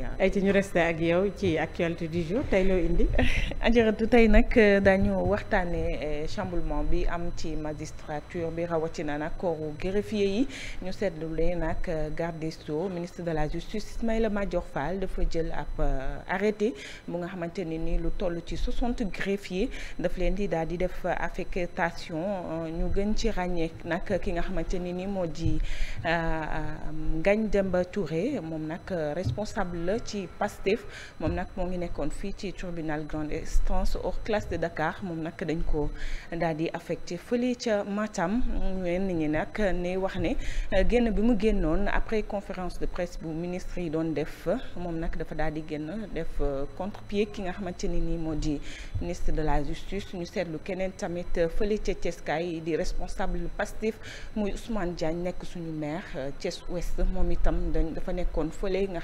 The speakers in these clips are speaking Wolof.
Thiam. ay ci ñu resté ak yow ci actualité du jour tey loo indi. ajaratu tey nag euh, dañu waxtaanee euh, chamblement bi am ci magistrature bi rawatina nag kooru greffier yi ñu seetlu seetlulee nag euh, garde des Sceaux ministre de la justice Ismaïla Madior Fall dafa jël ab arrêté bu nga xamante ne ni lu toll ci soixante greffier daf leen di daal di def affectation ñu gën ci ràññeek nag ki nga xamante ne ni moo di Ngagne Demba moom nag responsable. la ci Pastef moom nag moo ngi nekkoon fii ci tribunal grande instance hors classe de Dakar moom nag dañ ko daal di affecté fële ca Matam ñeen ñi nag ni wax ne génn bi mu génnoon après conférence de presse bu ministre yi doon def moom nag dafa daal di génn def contre-pied ki nga xamante ni nii moo di ministre de la justice suñu seetlu keneen tamit fële ca Ceeskaay di responsable Pastef muy Ousmane Diagne nekk suñu maire Thiès Ouest moom itam dafa nekkoon fële nga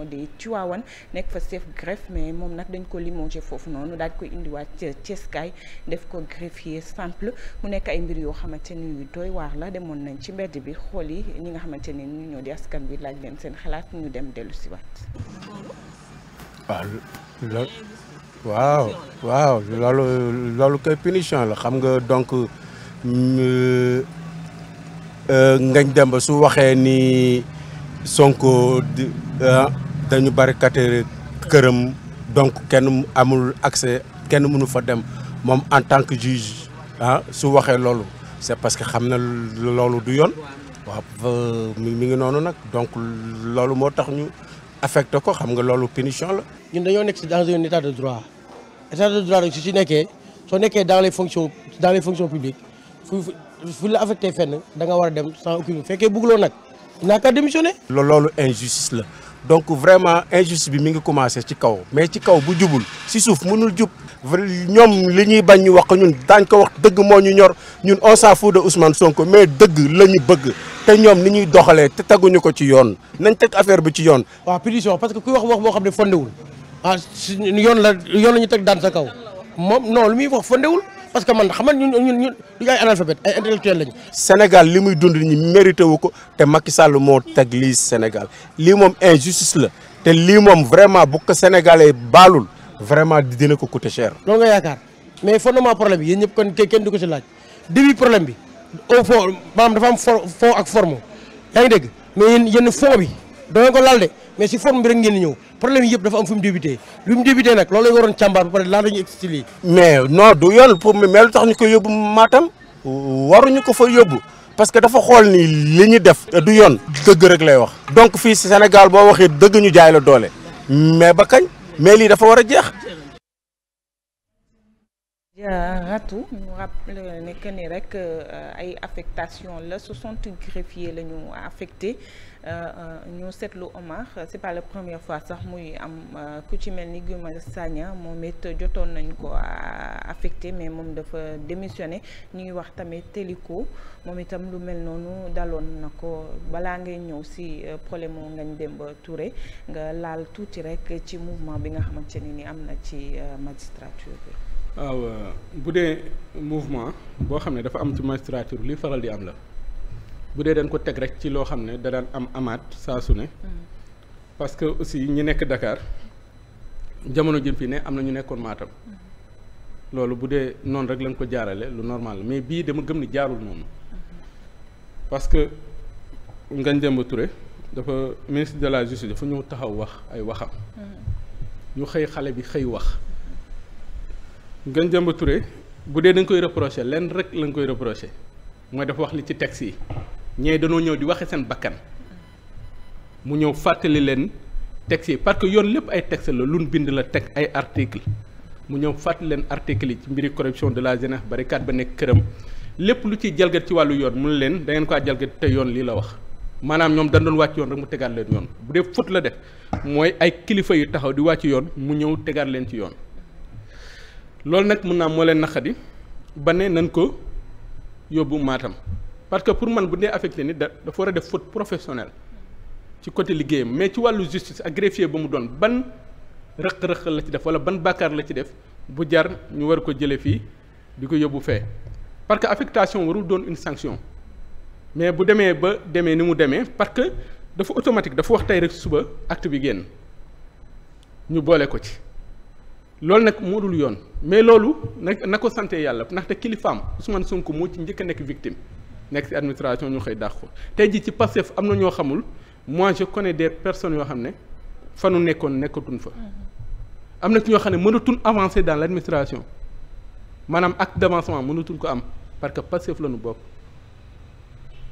moo di Tivaouane nekk fa chef greffe mais moom nag dañ ko limogé foofu noonu daal di ko indiwaat Thiès kaay def ko greffier simple mu nekk ay mbir yoo xamante ni yu doy waar la demoon nañ ci mbedd bi xool yi ñi nga xamante ne ñu ñoo di askan bi laaj leen seen xalaat ñu dem dellu si waat. waaw waaw loolu loolu kay punition la xam nga donc euh, Ngagne Demba su waxee ni Sonko di ah, dañu barricade këram donc kenn amul accès kenn mënu fa dem moom en tant que juge ah su waxee loolu c'est parce que xam na loolu du yoon waaw mi ngi noonu nag donc loolu moo tax ñu affecte ko xam nga loolu punition la. ñun dañoo nekk dans un état de droit état de droit rek su ci nekkee soo nekkee dans les fonctions dans les fonctions publiques fu fu la affecté fenn da nga war a dem sans aucune fekkee bëggloo nag naa ka démissionné. loolu injustice la. donc vraiment injustice bi mi ngi commencé ci kaw mais ci kaw bu jubul si suuf mënul jub ñoom li ñuy bañ ñu wax ko ñun daañ ko wax dëgg moo ñu ñor ñun on s'en fout de Sonko mais dëgg la ñu bëgg te ñoom ni ñuy doxalee te teguñu ko ci yoon nañ teg affaire bi ci yoon. waaw pétition parce que kuy wax wax boo xam ne fondewul ah yoon la yoon la ñu teg daan sa kaw moom non lu muy wax fondewul parce que man xam nga ñun ñun ñun du ay analphabète ay intellectuel lañu. Sénégal li muy dund ñi mérité wu ko te Macky Sall moo teg lii Sénégal lii moom injustice la te lii moom vraiment bu ko sénégalais baalul vraiment dina ko coûter cher. loolu nga yaakaar mais fondement problème bi yéen ñëpp kon kenn du ko ci laaj début problème bi au fond maanaam dafa am fond ak forme yaa ngi dégg mais yéen yéen bi. doo ko laal de mais si forme bi rek ngeen ñëw problème yëpp dafa am fu mu débuté lu mu débuté nag loolu la ñu waroon càmbar ba pare laata ñu ko yóbbu Matam waruñu parce que dafa xool ni li ñu def du yoon dëgg rek lay wax donc fii Sénégal boo waxee dëgg ñu jaay la doole mais ba kañ mais lii dafa war a jeex Diaratou ñu rappelé ne que ni rek euh, ay affectation la soixante greffiers la ñu affecté euh, ñu seetlu Omar c'est pas la première fois sax muy am euh, ku ci mel ni Guy Marius moom it jotoon nañ ko affecté mais moom dafa démissionné ñu ngi wax tamit Téliko moom itam lu mel noonu daloon na ko balaa ngay ñëw si problème mu démb Demba nga laal tuuti rek ci mouvement bi nga xamante ne ni am na ci magistrature bi. waaw euh, bu dee mouvement boo xam ne dafa am ci magistrature li faral di am la bu dee dañ ko teg rek ci loo xam ne da daan am amaat saa su ne. Mm. parce que aussi ñi nekk Dakar jamono jëm fi ne am na ñu nekkoon Matam. Mm. loolu bu dee noonu rek lañ ko jaarale lu normal mais bii dama gëm ni jaarul noonu. Mm-hmm. parce que Ngagne Demba Touré dafa ministre de la justice dafa ñëw taxaw wax ay waxam. Mm. ñu xëy xale bi xëy wax. Ngagne Demba Touré bu dee dañ koy reproché lenn rek lañ koy reproché mooy dafa wax li ci texte yi ñee dañoo ñëw di waxe seen bakkan mu ñëw fàttali leen texte yi parce que yoon lépp ay tex la luñ bind la teg ay article mu ñëw fàttali leen article yi ci mbiri corruption de la jeunesse barricade ba nekk këram lépp lu ciy jalgat ci wàllu yoon mun leen da ngeen ko jalgat te yoon lii la wax maanaam ñoom dañ doon wàcc yoon rek mu tegaat leen yoon bu dee faute la def mooy ay kilifa yu taxaw di wàcc yoon mu ñëw tegaat leen ci yoon loolu nag mun naa moo leen naqadi ba ne nañ ko yóbbu maatam parce que pour man bu dee affecté nit da dafa war a def faute professionnelle ci côté liggéeyam mais ci wàllu justice ak greffier ba mu doon ban rëq-rëq la ci def wala ban bàkkaar la ci def bu jar ñu war ko jëlee fii bi ko yóbbu fee parce que affectation warul doon une sanction mais bu demee ba demee ni mu demee parce que dafa automatique dafa wax tey rek suba act bi génn ñu boole ko ci. loolu nag moo dul yoon mais loolu nag na ko sante yàlla ndaxte kilifaam Ousmane Sonko moo ci njëkk a nekk victime nekk ci administration ñu xëy dàq ko tey jii ci Pastef am na ñoo xamul moi je connais des personnes yoo xam ne nu nekkoon nekkatun fa. am na ci ñoo xam ne mënatul avancer dans l' administration maanaam acte d' avancement ko am parce que Pastef la ñu bokk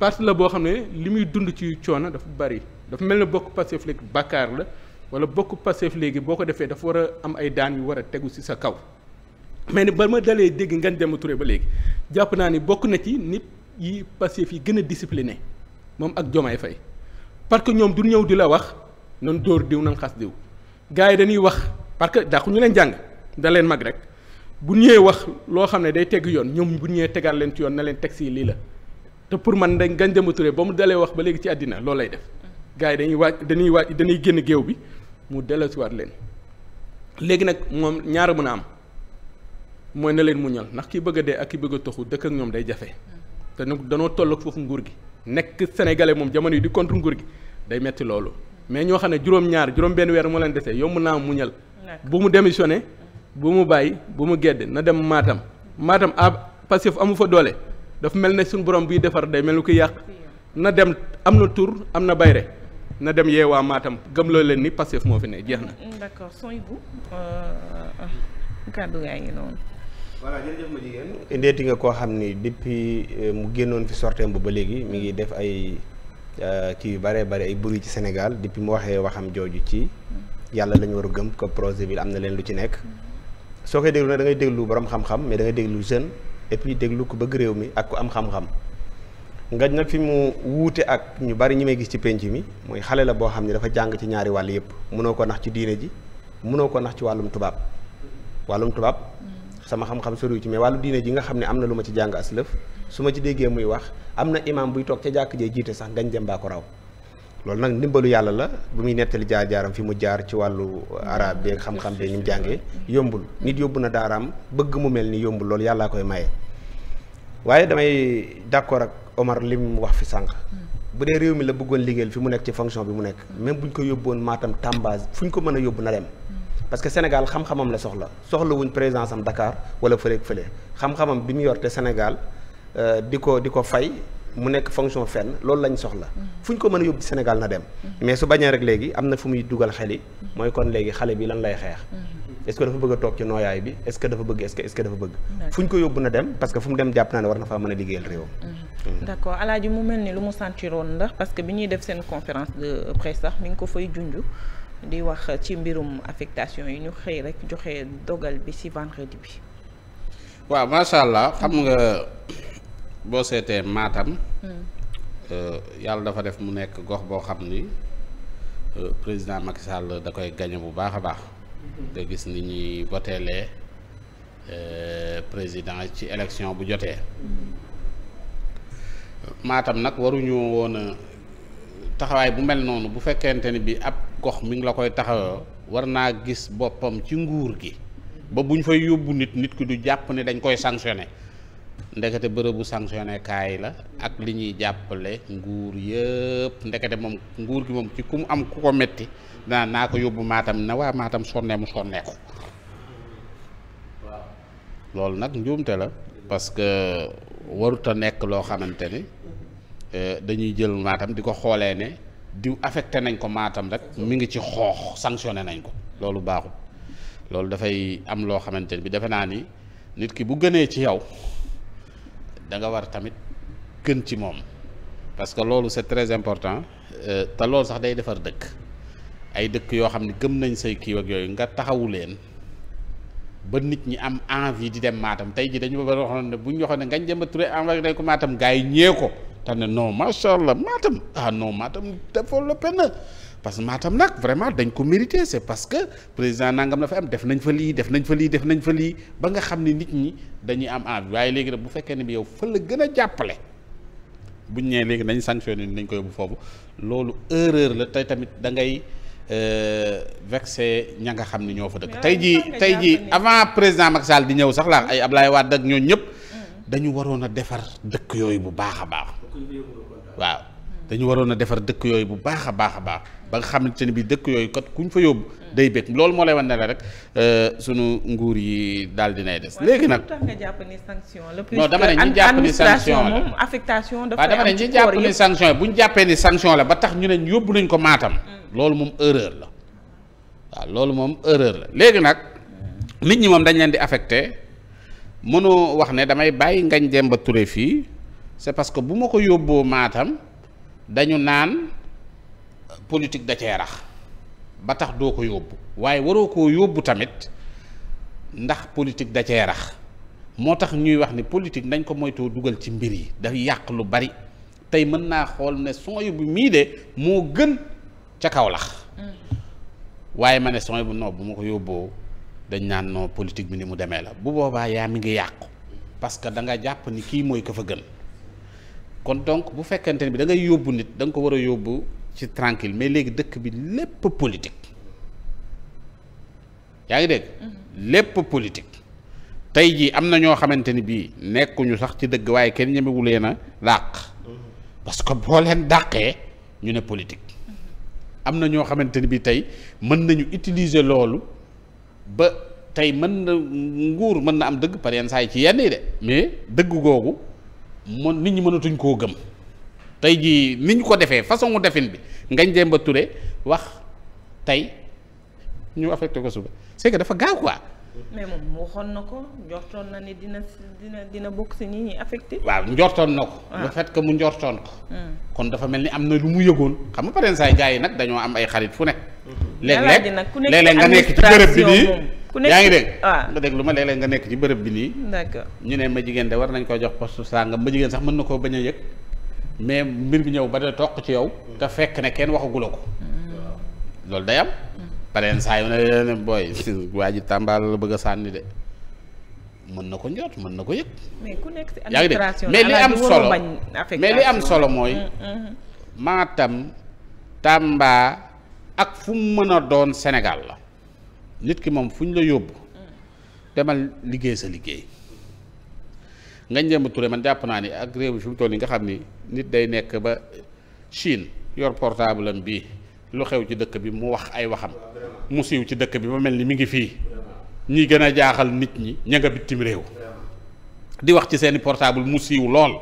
parti la boo xam ne li muy dund ci coono dafa bari dafa mel ne bokk Pastef léegi bàkkaar la. wala bokk Pastef léegi boo ko defee dafa war a am ay daan yu war a tegu ci sa kaw mais ni ba ma dalee dégg ngan Demba Touré ba léegi jàpp naa ni bokk na ci nit yi Pastef yi gën a discipliné moom ak Diomaye Faye parce que ñoom du ñëw di la wax nan dóor diw nan xas diw gars yi dañuy wax parce que dàqu ñu leen jàng da leen mag rek bu ñëwee wax loo xam ne day teg yoon ñoom bu ñëwee tegaat leen ci yoon na leen teg si lii la te pour man dañ Ngagne Demba Touré ba mu dalee wax ba léegi ci àddina loolu lay gars yi dañuy dañuy waaj dañuy génn géew bi mu delloosiwaat leen léegi nag moom ñaara mën a am mooy na leen mu ñal ndax ki bëgg a dee ak ki bëgg a toxu dëkk ak ñoom day jafe te nag danoo toll ak foofu nguur gi nekk sénégalais moom jamono yi di contre nguur gi day metti loolu mais ñoo xam ne juróom-ñaar juróom-benn weer moo leen desee yomb naa mu ñal bu mu démissionné bu mu bàyyi bu mu gedd na dem maatam maatam a ah, Pastef amu fa doole dafa mel ne suñu borom buy defar day mel ni ku yàq na dem am na tur am na bayre na dem yee waa maatam gëm gëmloo leen ni Pastef moo fi ne jeex na. Mm, d'accord sooy bu euh, ah, indeeti nga koo xam ni depuis euh, mu génnoon fi sorteem bu ba léegi mi ngi def ay euh, kii yu bare bare ay bruit ci Sénégal depuis mu waxee waxam jooju ci yàlla la ñu war a gëm ko projet bi am na leen lu ci nekk. soo koy déglu nag da ngay déglu borom xam-xam mais da ngay déglu jeune et puis déglu ko bëgg réew mi ak ku am xam-xam. Ngañ nag fi mu wuute ak ñu bari ñi may gis ci penc mi mooy xale la boo xam ne dafa jàng ci ñaari wàll yëpp mënoo ko nax ci diine ji munoo ko nax ci wàllum tubaab wàllum tubaab mm. sama xam-xam soriwu ci mais wàllu diine ji nga xam ne am na lu ma ci jàng aslëf su ma ci déggee muy wax am na imaam buy toog ca jàkk jee jiite sax ngañ dem baa ko raw loolu nag ndimbalu yàlla la bu muy nettali jaar-jaaram fi mu jaar ci wàllu arab beeg xam-xam beeg ni jàngee yombul nit yóbbu na daaraam bëgg mu mel ni yombul loolu yàllaa koy maye waaye damay d'accord ak Omar li wax fi sànq. bu dee réew mi la bëggoon liggéeyal fi mu nekk ci fonction bi mu nekk. même bu ñu ko yóbboon Matam Tamba fu ñu ko mën a yóbbu na dem. parce que Sénégal xam-xamam la soxla soxla wuñ présence am Dakar wala fële ak fële xam-xamam bi mu yor te Sénégal euh, di ko di ko fay mu nekk fonction fenn loolu lañ soxla. fu ñu ko mën a yóbbu Sénégal na dem. mais su bañee rek léegi am na fu muy dugal xel yi. mooy kon léegi xale bi lan lay xeex. est-ce dafa bëgg a toog ci nooyaay bi est-ce que dafa bëgg est-ce dafa bëgg fu ñu ko yóbbu na dem parce que fu mu dem jàpp naa ne war na faa mën a liggéeyal réewam mm-hmm. Mm-hmm. d'accord alaaji mu mel ni lu mu sentiroon ndax parce que bi ñuy def seen conférence de presse sax mi ngi ko fay junj di wax ci mbirum affectation yi ñu xëy rek joxe dogal bi ci vendredi bi waaw macha allah xam nga boo seetee Matam mm. euh, yàlla dafa def mu nekk gox boo xam ni euh, président Macky Sall da koy gañe bu baax a baax nga gis ni ñuy voteelee euh, président ci élection bu jotee maatam nag waruñu woon taxawaay bu mel noonu bu fekkente ni bi ab gox mi ngi la koy taxawoo war naa gis boppam ci nguur gi ba buñ fay yóbbu nit nit ki du jàpp ne dañ koy sanctionné ndekete bërëbu sanctionné kaay la ak li ñuy jàppale nguur yëpp ndekete moom nguur gi moom ci ku mu am ku ko metti danaa naa ko yóbbu maatam na waa maatam sonnee mu sonnee ko loolu nag njuumte la parce que warut a nekk loo xamante ni eh, dañuy jël maatam di ko xoolee ne diw affecté nañ ko maatam rek mi ngi ci xoox sanctionné nañ ko loolu baaxul loolu dafay am loo xamante ni bi defe naa ni nit ki bu gënee ci yow da nga war tamit gën ci moom parce que loolu c'est très important euh, te loolu sax day defar dëkk ay dëkk yoo xam ne gëm nañ say kii yooyu nga taxawu leen ba nit ñi am envie di dem maatam tey ji dañu ba waxoon ne bu ñu waxoon ne Ngagne Demba Touré envoyé nañ ko maatam gars yi ñee ko te ne non macha allah Matam ah non Matam développé na parce que maatam nag vraiment dañ ko mérité c'est parce que président nangam la fa am def nañ fa lii def nañ fa lii fa lii ba nga xam ni nit ñi dañuy am envie waaye léegi nag bu fekkee ne bi yow fa la gën a jàppale buñ ñee léegi nañ sanctionné ni nañ ko yóbbu foofu loolu erreur la tey tamit da ngay euh, vexé ña nga xam ne ñoo fa dëkk tey jii tey jii avant président Macky Sall di ñëw sax ay Ablaye Wade ak ñëpp mm. dañu waroon a defar dëkk yooyu bu baax a baax waaw dañu waroon a defar dëkk yooyu bu baax a baax a baax ba nga xamante ne bi dëkk yooyu ku ñu fa yóbbu day bëgg loolu moo lay wan ne la rek euh, suñu nguur yi daal dinay des léegi nag non dama ne ñu jàpp ni sanction la waaw dama ne ñu jàpp bu ñu jàppee ni sanction ba tax ñu ne yóbbu nañ ko maatam mm. loolu moom erreur la waaw loolu moom erreur léegi nag nit ñi moom leen di affecté mënoo wax ne damay bàyyi Ngagne Demba Touré fii c'est parce que bu ma ko yóbboo maatam dañu naan politique da cee rax ba tax doo ko yóbbu waaye waroo koo yóbbu tamit ndax politique da cee rax moo tax ñuy wax ni politique nañ ko moytoo dugal ci mbir yi dafay yàq lu bari tey mën naa xool ne bu mii de moo gën ca kaw lax mm. waaye ma ne bu non bu ma ko yóbboo dañ naan non politique bi ni mu demee la bu boobaa yaa mi ngi yàqu parce que da jàpp ni kii mooy ka fa gën kon donc bu fekkente ne bi da yóbbu nit da ko war a yóbbu ci tranquille mais léegi dëkk bi lépp politique yaa ngi dégg mm-hmm. lépp politique tey jii am na ñoo xamante ni bii nekkuñu sax ci dëgg waaye kenn ñemewu leen a dàq mm-hmm. parce que boo leen dàqee ñu ne politique mm-hmm. am na ñoo xamante ni bii tey mën nañu utiliser loolu ba tey mën na nguur mën na am dëgg par yenn saa yi ci yenn yi de mais dëgg googu mën nit ñi mënatuñ koo gëm tey jii ni ñu ko defee façon defin bi ngañ Demba ture wax tey ñu affecté ko suba c'est que dafa gaaw waa mais moom waxoon na ko njortoon na ni dina dina dina bokk si ñi ñuy affecté. waaw njortoon na ko. Ah. le fait que mu njortoon ko. Hmm. kon dafa mel ni am na lu mu yëgoon xam nga pareen saay gars yi nag dañoo am ay xarit fu ne. Hmm. léeg-léeg léeg-léeg nga nekk ci bërëb bi nii. ku nekk yaa ngi dégg nga dégg lu ma léeg nga nekk ci bërëb bi nii. d'accord ñu ne ma jigéen de war nañ ko jox poste sangam ma jigéen sax mën na koo bañ a yëg. mais mbir bi ñëw ba da toq ci yow te fekk ne kenn waxagula ko loolu day am pareen saa yu ne bëgg a sànni de mën na ko njoot mën na ko yëg yaa ngi de mais li am solo mais li am solo mooy mm, mm. Matam Tamba ak fu mën a doon senegal la nit ki moom fu ñu la yóbbu mm. demal liggéey sa liggéey Ngagne Demba Touré man jàpp naa ni ak réew mi fi toll nii nga xam ni nit day nekk ba Chine yor portable am bii lu xew ci dëkk bi mu wax ay waxam mu siiw ci dëkk bi ba mel ni mi ngi fii ñi gën a jaaxal nit ñi ña nga bitim réew di wax ci seeni portable mu siiw lool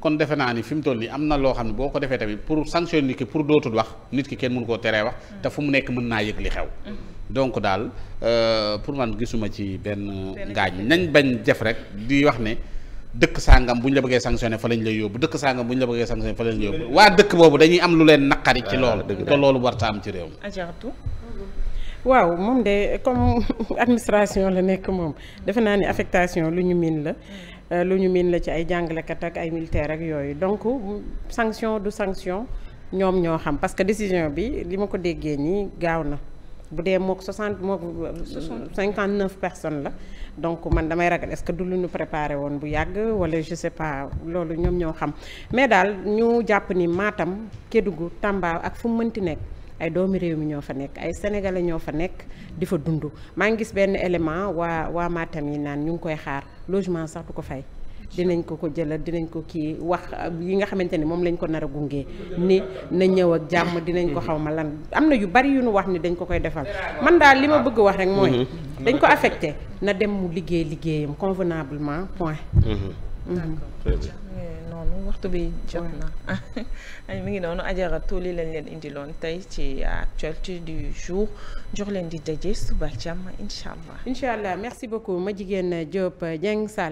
kon defe naa ni fi mu toll nii am na loo xam ne boo ko defee tamit pour sanctionner nit ki pour dootul wax nit ki kenn mënu koo teree wax te fu mu nekk mën naa yëg li xew donc daal euh, pour man gisuma ci benn ngaañ nañ bañ jëf rek di wax ne dëkk sàngam bu ñu la bëggee sanctionné fa lañ lay yóbbu dëkk sàngam bu ñu la bëggee sanctionné fa lañ lay yóbbu waa dëkk boobu dañuy am lu leen naqari ci loolu ah, te loolu warta am ci réew mi waaw moom de comme administration la nekk moom defe naa ni affectation lu ñu miin la euh, lu ñu miin la ci ay jàngalekat ak ay militaire ak yooyu donc sanction du sanction ñoom ñoo xam parce que décision bi li ma ko déggee nii gaaw na bu dee mook 60 mook 59 personnes la donc man damay ragal est-ce que du lu ñu préparé woon bu yàgg wala je sais pas loolu ñoom ñoo xam mais daal ñu jàpp ni Matam Kédougou Tamba ak fu mu mënti nekk ay doomi réew mi ñoo fa nekk ay sénégalais ñoo fa nekk di fa dund maa ngi gis benn élément waa waa maatam yi naan ñu ngi koy xaar logement sax du ko fay. dinañ ko ko jëlal dinañ ko kii wax yi nga xamante ne moom lañ ko nar a gunge ni na ñëw ak jàmm dinañ ko xaw ma lan am na yu bari yu nu wax ni dañ ko koy defal man daal li ma bëgg wax rek mooy mhm. dañ ko affecté na dem mu liggéey liggéeyam convenablement point mhm. eh, noonu waxtu bi jot na mi ngi noonu ajaratu li lañ leen indiloon tey ci actualité du jour jox leen di daje suba jàmm incha allah. incha allah merci beaucoup ma jigéen Diop Dieng Sall.